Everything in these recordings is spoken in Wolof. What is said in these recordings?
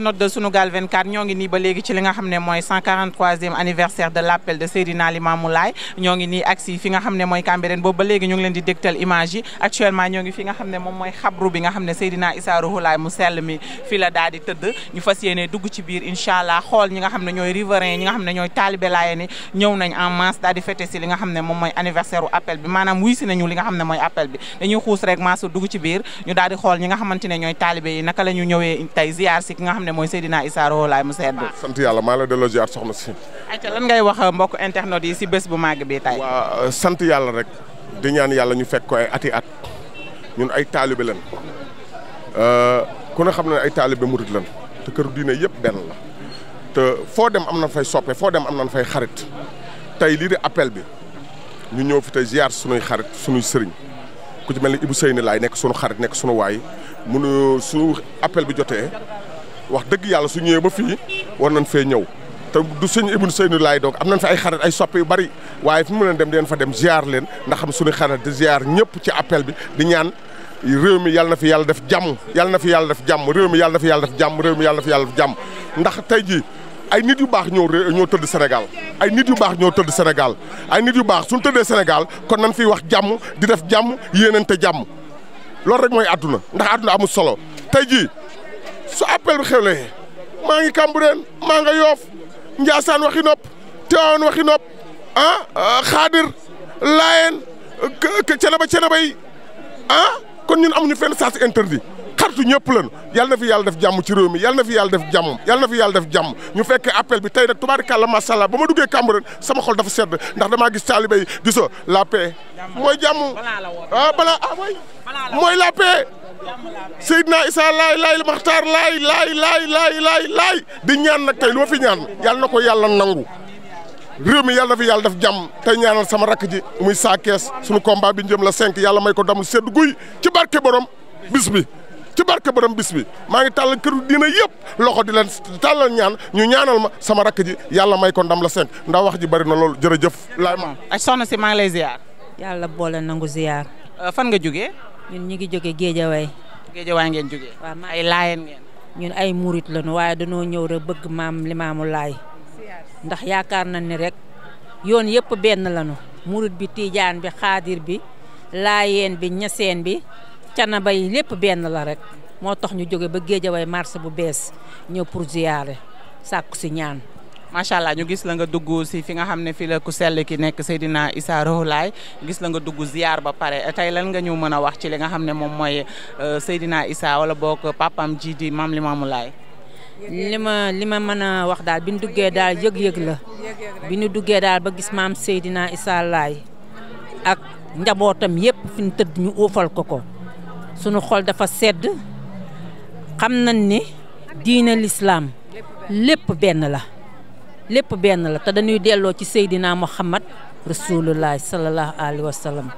internautes de Sunugal 24 ñoo ngi nii ba léegi ci li nga xam ne mooy 143e anniversaire de l' appel de Seydina Limamou Laye ñoo ngi nii agsi fi nga xam ne mooy Cambérène boobu ba léegi ngi leen di dégtal image actuellement ñoo ngi fi nga xam ne moom mooy xabru bi nga xam ne Seydina Issa Rouhou Laye mu sell mi fi la tëdd ñu fas yéene ci biir incha allah xool ñi nga xam ne ñooy riverains ñi nga xam ne ñooy taalibe Laayeen ñëw ne mooy Seydina Issa Rouhou Laye mu sedd ah, sant yàlla maa la delloo ziar soxna si ayca lan ngay wax mbokk internet yi si bés bu màgg bi tay waaw euh, sant yàlla rek di ñaan yàlla ñu fekk koy ay ati at ñun ay taalibe lan euh, ku ne xam ne ay taalibe murit lan te kër diine yëpp benn la te foo dem am na fay soppe foo dem am na fay xarit tey lii di appel bi ñu ñëw fi tey ziar sunuy xarit sunuy sëriñ ku ci mel ni Ibou Seyni laay nekk sunu xarit nekk sunu waay munu su appel bi jotee wax dëgg yàlla su ñëwee ba fii war nañ fee ñëw te du sëñ Ibnu Seynu laay doog am nañ fa ay xarit ay soppe yu bari waaye fi mu leen dem deen fa dem ziar leen ndax xam suñu xarit di ziar ñëpp ci appel bi di ñaan réew mi yàlla na fi yàlla def jàmm yàlla na fi yàlla def jàmm réew mi yàlla fi yàlla def jàmm réew mi yàlla na ndax tey jii ay nit yu baax ñoo ñoo tëdd senegal ay nit yu baax ñoo tëdd senegal ay nit yu baax suñu tëddee Sénégal kon nañ fiy wax jàmm di def jàmm yéenante jàmm loolu rek mooy àdduna ndax àdduna solo su appel bi xewlee maa ngi Cambérène maa nga Yoff Ndiassane waxi nopp Tivaouane waxi nopp ah Xaadir euh, Laayeen Cenaba Cenaba yi ah kon ñun amuñu fenn sens interdit xartu ñëpp lan yàlla na fi yàlla def jàmm ci réew mi yàlla na fi yàlla def jàmm yàlla na fi yàlla def jàmm ñu fekkee appel bi tey nag tubaarikàlla macha allah ba ma duggee Cambérène sama xol dafa sedd ndax dama gis taalibe yi gisoo la mooy jàmm balaa ah, ah, mooy la naa Issa laay laay Maxtaar laay laay laay laay laay laay di ñaan nag tey lu ma fi ñaan yàlla na ko yàlla nangu réew mi yàlla fi yàlla def jàmm tey ñaanal sama rakk ji muy saa kees suñu combat bi jëm la cinq yàlla may ko dam sedd guy ci barke borom bis bi ci barke borom bis bi maa ngi tàllal këru diina yëpp loxo di leen tàllal ñaan ñu ñaanal ma sama rakk ji yàlla may ko ndam la cinq ndax wax ji bari na loolu jërëjëf. laay ma ay soxna si maa ngi lay ziar. yàlla boole nangu ziar. fan nga jógee. ñun ñu ngi jóge géejawaay géejawaay ngeen jógee waaw ay laayeen ñun ay murit lañu waaye dañoo ñëw rek bëgg maam limaamu laay ndax yaakaar nañ ni rek yoon yëpp benn lañu murit bi tiijaan bi xaadir bi laayeen bi ñaseen bi canaba yi lépp benn la rek moo tax ñu jóge ba géejawaay marché bu bees ñëw pour ziyaare sàkku si ñaan macha allah ñu gis la nga dugg si fi nga xam ne fii la ku sell ki nekk Seydina Issa Rouhou Laye gis la nga dugg ziar ba pare tey lan nga ñu mën a wax ci li nga xam ne moom mooy euh, seydinaa Issa wala boog papam ji di maam Limaamu Laay li ma li ma mën a wax daal bi duggee daal yëg-yëg la bi ñu duggee daal ba gis maam Seydina Issa Laye ak njabootam yëpp fi ñu tëdd ñu uufal ko ko sunu xol dafa sedd xam nañ ni diina lislaam lépp benn la lépp benn la te dañuy delloo ci Seydina Muhammad rasulullah sallallahu alayhi wa sallam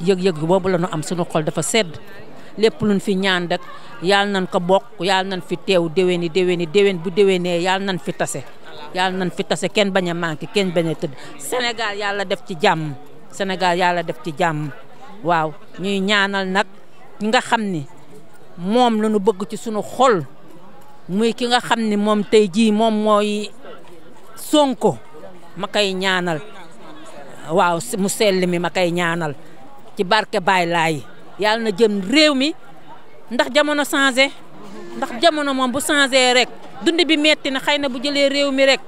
yëg-yëg boobu la ñu am suñu xol dafa sedd lépp lu luñ fi ñaan rek yal nañ ko bokk yal nañ fi teew déwéni déwéni déwén bu déwénee yal nañ fi tase yal nañ fi tase kenn bañ a manqué kenn bañ a tëdd Sénégal yàlla def ci jàmm Sénégal yàlla def ci jàmm waaw ñuy ñaanal nag ki nga xam ni moom la ñu bëgg ci sunu xol muy ki nga xam ni moom tey jii moom mooy Sonko ma koy ñaanal waaw mu sell mi ma koy ñaanal ci barke Baay Laay yàlla na jëm réew mi ndax jamono changé ndax jamono moom bu changé rek dundi bi metti na xëy na bu jëlee réew mi rek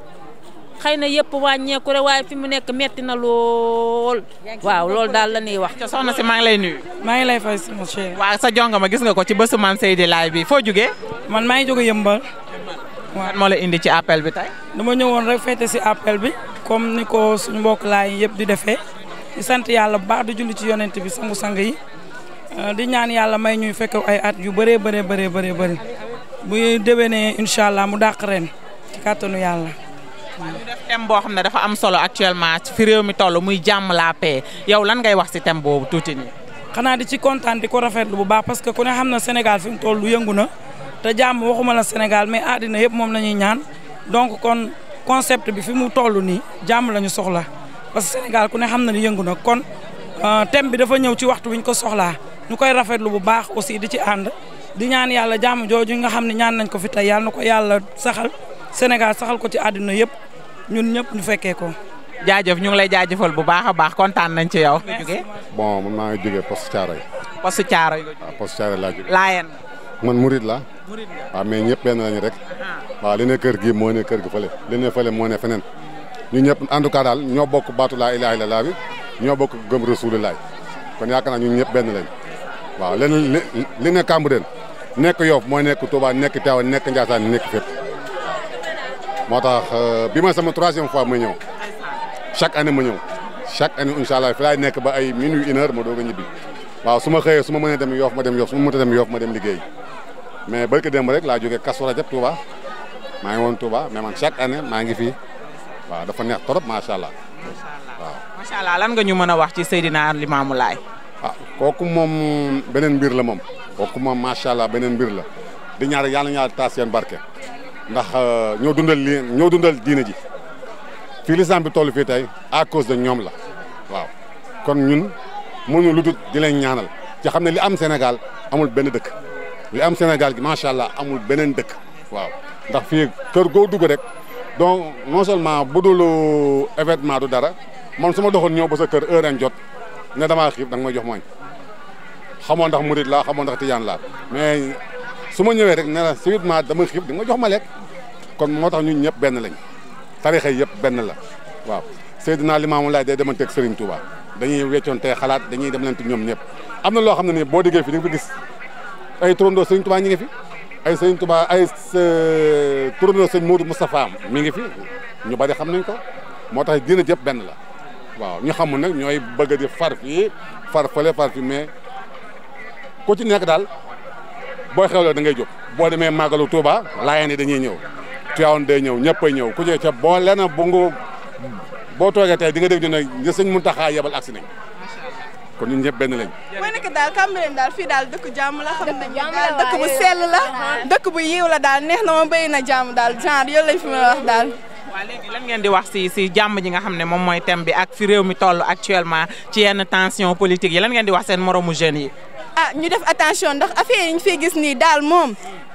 xëy na yëpp wàññeeku rek waaye fi mu nekk metti na lool. waaw loolu daal la ñuy wax. soxna si maa ngi lay nuyu. maa ngi lay fay sama cher. waaw sa jonga ma gis nga ko ci bésu Mame Seydi Laay bi foo man maa ngi jóge waaw moo la indi ci appel bi tey. dama ñëwoon rek féete si appel bi comme ni ko suñu mbokk laay yëpp di defee di sant yàlla bu baax di julli ci yonent bi sangu-sang yi euh, di ñaan yàlla may ñuy fekk ay at yu bëree bëree bëree bëri bëri bu déwénee incha allah mu dàq ren ci kàttanu yàlla. waaw def thème boo xam ne dafa am solo actuellement fi réew mi toll muy jàmm la paix yow lan ngay wax si thème boobu tuuti nii. xanaa di ci kontaan di ko rafetlu bu baax parce que ku ne xam na Sénégal fi mu yëngu na. te jàmm waxumala Sénégal mais àddina yëpp moom la ñuy ñaan donc kon concept bi fi mu toll nii jàmm la ñu soxla parce Sénégal ku ne xam na ni yëngu na kon euh, thème bi dafa ñëw ci waxtu wi ko soxlaa ñu koy rafetlu bu baax aussi di ci ànd di ñaan yàlla jàmm jooju nga xam ne ñaan nañ ko fi yàlla na ko yàlla saxal Sénégal saxal ko ci àddina yëpp ñun ñëpp ñu fekkee ko. jaajëf ñu ngi lay jaajëfal bu baax a baax kontaan nañ ci yow. bon man maa ngi jógee poste Thiaroye. poste Thiaroye. waaw poste Thiaroye laa man murid la waaw ah, mais ñëpp benn lañu rek ah. waaw li ne kër gi moo ne kër gi fële li ne fële moo ne feneen ñu ñëpp en tout daal ñoo bokk baatu laa ilaaha illallaah bi ñoo bokk gëm rasuulullaah kon yaakaar naa ñun ñëpp benn lañ waaw leneen li ne Cambérène nekk Yoff mooy nekk Touba nekk Tivaouane nekk Ndiassane nekk fépp moo tax euh, bi ma sama troisième fois ma ñëw chaque année ma ñëw chaque année incha allah fi laay nekk ba ay minuit une heure ma doog a ñibbi waaw su ma xëyee su ma mënee dem ma ma mënta dem ma dem liggéey mais barki démb rek laa jógee Kazu Rajab Touba maa ngi woon Touba mais man chaque année maa ngi fii waaw dafa neex trop macha allah. macha allah nga ñu mën a wax ci Seydina Limaamu Laay. ah kooku moom beneen mbir la moom kooku moom macha allah beneen mbir la di ñaar yàlla ñaar taas seen barke ndax euh, ñoo dundal li ñoo dundal diine ji fii lislam bi toll fii tey à cause de ñoom la waaw kon ñun mënuñu lu dul di leen ñaanal ci xam ne li am Sénégal amul benn dëkk. li am Sénégal gi macha allah amul beneen dëkk waaw ndax fii kër goo dugg rek donc non seulement bu dul événement du dara man su ma doxoon ñëw ba sa kër jot ne damaa xiif da nga may jox mooñ ndax murit laa xamoon ndax tijaan laa mais su ma ñëwee rek ne la subitement dama xiif di ma jox ma lekk kon moo tax ñun ñëpp benn lañ tarixa yëpp benn la waaw Seydina Limaamu Laay day demanteeg Serigne Touba dañuy weccoon tey xalaat dañuy dem demlante ñoom ñëpp am na loo xam ne nii boo diggee fi di nga ko ay turandoo sëñ Touba ñi ngi fi ay sëñ Touba ay euh, turandoo sëñ Modou Moustapha mi ngi fi ñu bari xam nañ ko moo tax dina jëpp benn la waaw ñu xamul nag ñooy bëgg di far fii far fële far fii mais ku ci nekk daal boo xewloo da ngay jóg boo demee màggalu Touba laayeen yi dañuy ñëw Tiwaawan day ñëw ñëppay ñëw ku ci ca boo lenn bu boo toogee tey di nga dégg ñu ne ñu sëñ Muntaxa yebal agsi nañ kon ñun ñëpp benn lañ. mooy nekk daal Cambérène daal fii daal dëkk jàmm la. xam daal dëkk bu sell la dëkk bu yiw la daal neex na ma béy na jàmm daal genre yow lañ fi mën a wax daal. waaw ngeen di wax si si jàmm ji nga xam ne moom mooy thème bi ak fi réew mi toll actuellement ci yenn tension politique yi lan ngeen di wax seen moromu jeunes yi. ah ñu def attention ndax affaire yi gis nii daal moom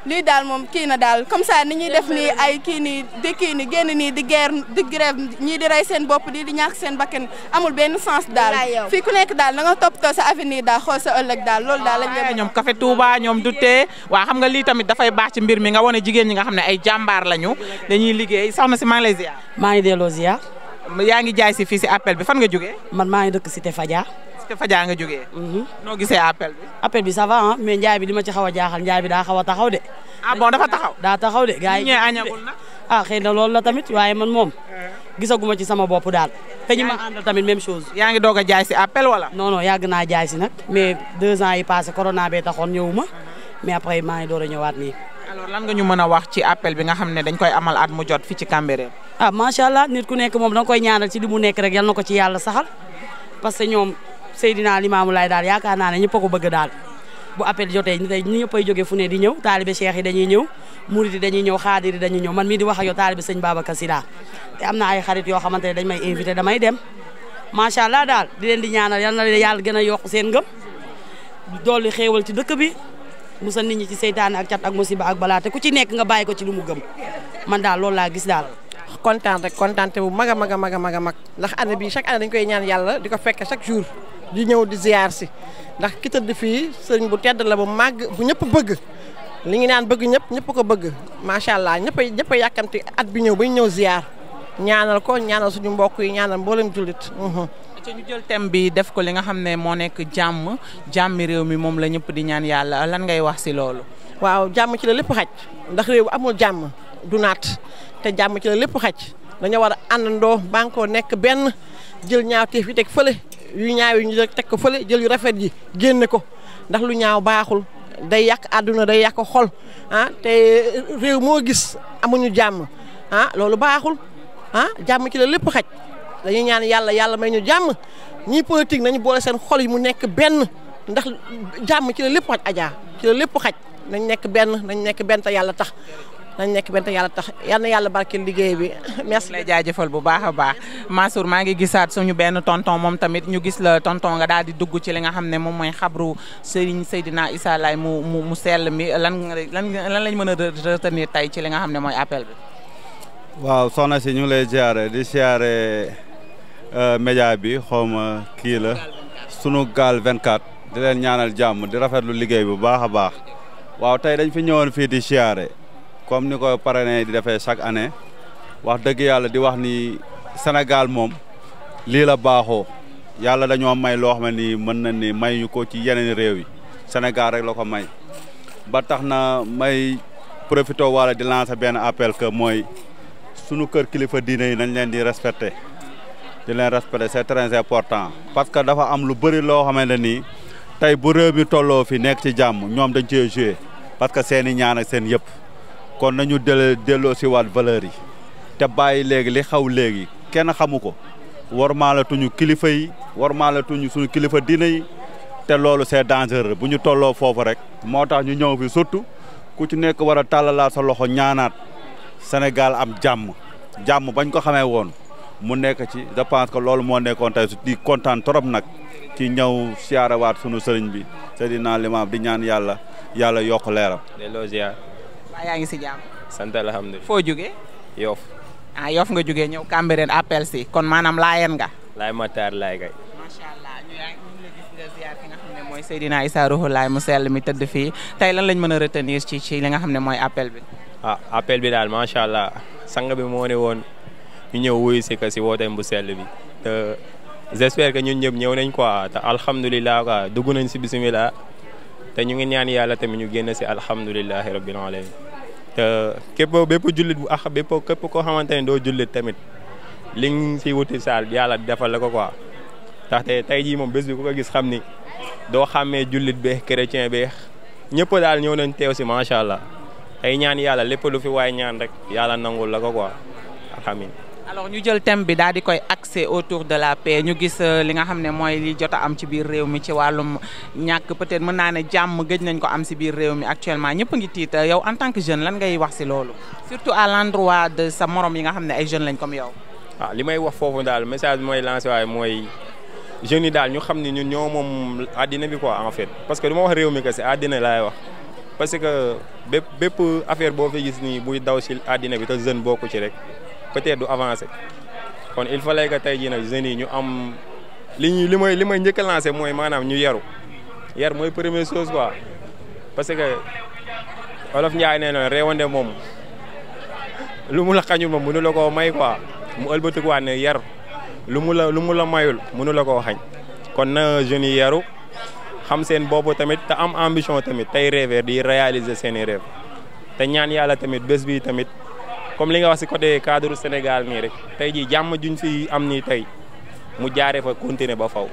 lii daal moom kii na daal comme ça ni ñuy def nii ay kii nii di kii nii génn nii di guerre di grève ñii di rey seen bopp di di ñàkk seen bakken amul benn sens daal fii ku nekk daal na nga toppatoo sa avenir daal xool sa ëllëg daal loolu daal lañ leen ñoom café Touba ñoom du tee waa xam nga lii tamit dafay baax ci mbir mi nga wane jigéen ñi nga xam ne ay jàmbaar lañu dañuy liggéey soxna si maa ngi lay ziar maa ngi delloo ziar yaa ngi jaay si fii si appel bi fan nga jógee man maa ngi dëkk cité Fadia parce que Fadja nga jógee. Mhm. noo gisee appel bi. appel bi ça mais njaay bi li ma ci xaw a jaaxal njaay bi daa xaw a taxaw de. ah dafa taxaw daa taxaw de. gars yi ah, eh. ci sama bopp daal. ma àndal tamit même chose. yaa ngi doog a jaay si appel wala. non non naa jaay si nag mais deux ans yi passé corona bee taxoon ñëwuma uh-huh. mais après maa ngi door a ñëwaat nii. alors nga ñu mën a wax ci appel bi nga xam ne dañ koy amal at mu jot fi ci Cambérène. ah macha allah nit ku nekk moom danga koy ñaanal ci li mu nekk rek yal ko ci Seydina Limaamu Laay daal yaakaar naa ne ñëpp a ko bëgg daal bu appel jotee tey ñëpp ay jógee fu ne di ñëw taalibe cheikh yi dañuy ñëw murid yi dañuy ñëw xaadir dañuy ñëw man mii di wax ak yow taalibe sëñ Babacar Sy daal te am na ay xarit yoo xamante ne dañ may invité damay dem macha allah daal di leen di ñaanal yal na leen yàlla gën a yokk seen ngëm dolli xéewal ci dëkk bi musal ni ñi ci seytaane ak cat ak musiba ak balaa te ku ci nekk nga bàyyi ko ci lu mu gëm man daal loolu laa gis daal kontaan rek kontaan te bu mag a mag a mag a a mag ndax année bi chaque année dañ ñaan yàlla di ko fekk chaque jour di ñëw di ziar si ndax ki tëdd fii sëriñ bu tedd la bu màgg ñëpp bëgg li ngi naan bëgg ñëpp ñëpp ko bëgg macha allah ñëpp a ñëpp a yàkkamti at bi ñëw ba ñëw ziar ñaanal ko ñaanal suñu mbokk yi ñaanal mboolem jullit. Mhm. ci ñu jël thème bi def ko li nga xam ne moo nekk jàmm jàmmi réew mi moom la ñëpp di ñaan yàlla lan ngay wax si loolu. waaw jàmm ci la lépp xaj ndax réew amul jàmm du naat te jàmm ci la lépp xaj dañoo war a àndandoo bànkoo nekk benn jël ñaaw teef yi teg fële. yu ñaaw yi ñu rek teg ko fële jël yu rafet yi génne ko ndax lu ñaaw baaxul day yàq àdduna day yàq xol ah te réew moo gis amuñu jàmm ah loolu baaxul ah jàmm ci la lépp xaj dañuy ñaan yàlla yàlla may ñu jàmm ñii politique nañu boole seen xol yi mu nekk benn ndax jàmm ci la lépp xaj ajaa ci la lépp xaj nañ nekk benn nañ nekk benn te yàlla tax dañ nekk benn te yàlla tax yal na yàlla barkeel liggéey bi mees lay jaajëfal bu baax a baax Mansour maa ngi gisaat suñu benn tonton moom tamit ñu gis la tonton nga daal di dugg ci li xam ne moom mooy xabru Serigne Seydina Issa Laye mu mu mu sell mi lan lan lan lañ mën a retenir tey ci li nga xam ne mooy appel bi. waaw soxna si ñu ngi lay ziare di ziare euh, média bi xaw ma kii la sunu vingt 24 di leen ñaanal jàmm di rafetlu liggéey bu baax a baax waaw tey dañ fi ñëwoon fii di ziare. comme ni ko parrain di defee chaque année wax dëgg yàlla di wax ni senegal moom lii la baaxoo yàlla dañoo may loo xam ne mën na ni may ñu ko ci yeneen réew yi Sénégal rek la ko may ba tax na may profité wala di lancer benn appel que mooy sunu kër kilifa diine yi nañ leen di respecté di leen respecté c'est très important parce que dafa am lu bëri loo xamante ni tey bu réew mi tolloo fi nekk ci jàmm ñoom dañu cee joué parce que seen i ñaan seen yëpp kon nañu del delloo si waat valeur yi te bàyyi léegi li xaw léegi kenn xamu ko warmaalatuñu kilifa yi warmaalatuñu suñu kilifa diine te loolu c'est dangereux bu ñu tolloo foofu rek moo tax ñu ñëw fi surtout ku ci nekk war a tàllalaat sa loxo ñaanaat Sénégal am jàmm jàmm bañ ko xamee woon mu nekk ci je pense loolu moo nekkoon tey kontaan trop nag ci ñëw siyaarewaat sunu sëriñ bi naa Limaam di ñaan yàlla yàlla yokk leeram mbaa yaa ngi si jàmm. sant alhamdulilah foo jugee. Yof. ah nga jugee ñëw Cambérène appel si kon maanaam laayeen nga. laay Matar laay kay. macha allah ñu yaa ngi la gis nga ziar ki nga mooy Seydina Issa Rouhou Laye mu sell mi tëdd fii tey lan lañ mën a retenir ci ci li nga xam ne mooy appel bi. ah appel bi daal macha allah sang bi moo ne woon ñu ñëw wuyu si ka si wooteem bu sell bi te j'espère que ñun ñëpp ñëw nañ quoi te alhamdulilah quoi dugg nañ si bisimilah. te ñu ngi ñaan yàlla tamit ñu génn si alhamdulilahi rabbil alamin te képp bépp jullit bu ax bépp képp koo xamante ne doo jullit tamit li nga si wuti saal yàlla defal la ko quoi ndaxte tey jii moom bés bi ko gis xam ni doo xàmmee jullit beex chrétien beex ñëpp daal ñëw nañ teew si macha allah tey ñaan yàlla lépp lu fi waaye ñaan rek yàlla nangul la ko quoi alhamdulilah. alors ñu jël thème bi daal di koy axé autour de la paix ñu gis euh, li nga xam ne mooy li jot am ci biir réew mi ci wàllum ñàkk peut-être mën naa ne jàmm géej nañ ko am si biir réew mi actuellement ñëpp ngi tiit yow en tant que jeune lan ngay wax si loolu surtout à l'endroit morom yi nga xam ne ay jeunes lañ comme yow. waaw ah, li may wax foofu daal message bi mooy lancé waaye mooy jeunes yi daal ñu xam ne ñun ñoo moom addina bi quoi en fait parce que du ma wax réew mi kese àddina laay wax. parce que bépp bépp affaire boo fi gis nii buy daw si àddina bi te jeune bokku ci rek. peut du avancé kon il fallait que tey jii nag jeunes yi ñu am li ñuy li may li may njëkk lancé mooy maanaam ñu yaru yar mooy première chose quoi parce que olof Ndiaye nee na réewande moom lu mu la xañul moom mënu la koo may quoi mu ëlbatikuwaat ne yar lu mu la lu mu la mayul mënu la koo xañ kon na jeunes yi yaru xam seen bopp tamit te am ambition tamit tey rêver di réaliser seen rêve te ñaan yàlla tamit bés tamit. comme li nga wax si côté cadre Sénégal nii rek tey jii jàmm juñ fi am nii tey mu jaaree fa continuer ba faw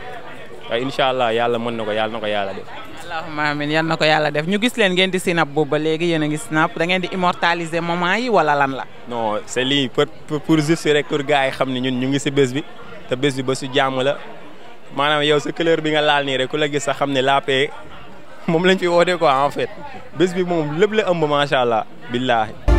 te incha allah yàlla mën na ko yàlla na ko yàlla def. allahumma amin yal na ko yàlla def ñu gis leen ngeen di sinap boobu ba léegi yéen a ngi sinap da ngeen di yi wala lan la. non c'est lii pour pour juste rek pour gars yi xam ne ñun ñu ngi si bés bi te bés bi ba su jàmm la maanaam yow sa couleur bi nga laal nii rek ku la gis sa xam ne la paix moom lañ fi woote quoi en fait bés bi moom lépp la ëmb macha allah billahi